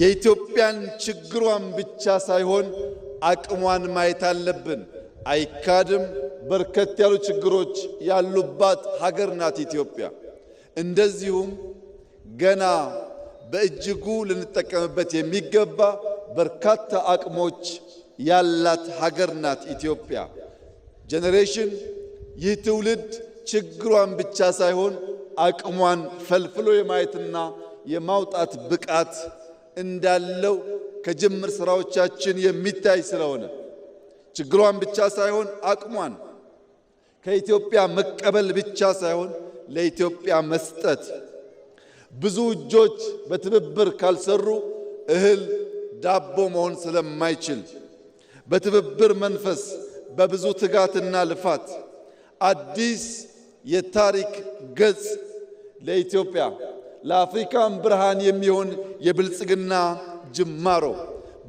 የኢትዮጵያን ችግሯን ብቻ ሳይሆን አቅሟን ማየት አለብን። አይካድም፣ በርከት ያሉ ችግሮች ያሉባት ሀገር ናት ኢትዮጵያ። እንደዚሁም ገና በእጅጉ ልንጠቀምበት የሚገባ በርካታ አቅሞች ያላት ሀገር ናት ኢትዮጵያ። ጄኔሬሽን ይህ ትውልድ ችግሯን ብቻ ሳይሆን አቅሟን ፈልፍሎ የማየትና የማውጣት ብቃት እንዳለው ከጅምር ስራዎቻችን የሚታይ ስለሆነ ችግሯን ብቻ ሳይሆን አቅሟን ከኢትዮጵያ መቀበል ብቻ ሳይሆን ለኢትዮጵያ መስጠት ብዙ እጆች በትብብር ካልሰሩ እህል ዳቦ መሆን ስለማይችል በትብብር መንፈስ በብዙ ትጋትና ልፋት አዲስ የታሪክ ገጽ ለኢትዮጵያ ለአፍሪካም ብርሃን የሚሆን የብልጽግና ጅማሮ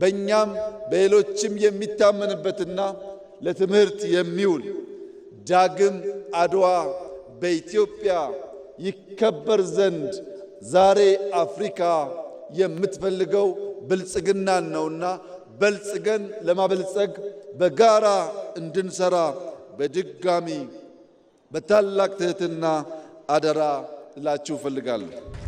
በእኛም በሌሎችም የሚታመንበትና ለትምህርት የሚውል ዳግም አድዋ በኢትዮጵያ ይከበር ዘንድ ዛሬ አፍሪካ የምትፈልገው ብልጽግናን ነውና በልጽገን ለማበልጸግ በጋራ እንድንሰራ በድጋሚ በታላቅ ትህትና አደራ እላችሁ እፈልጋለሁ።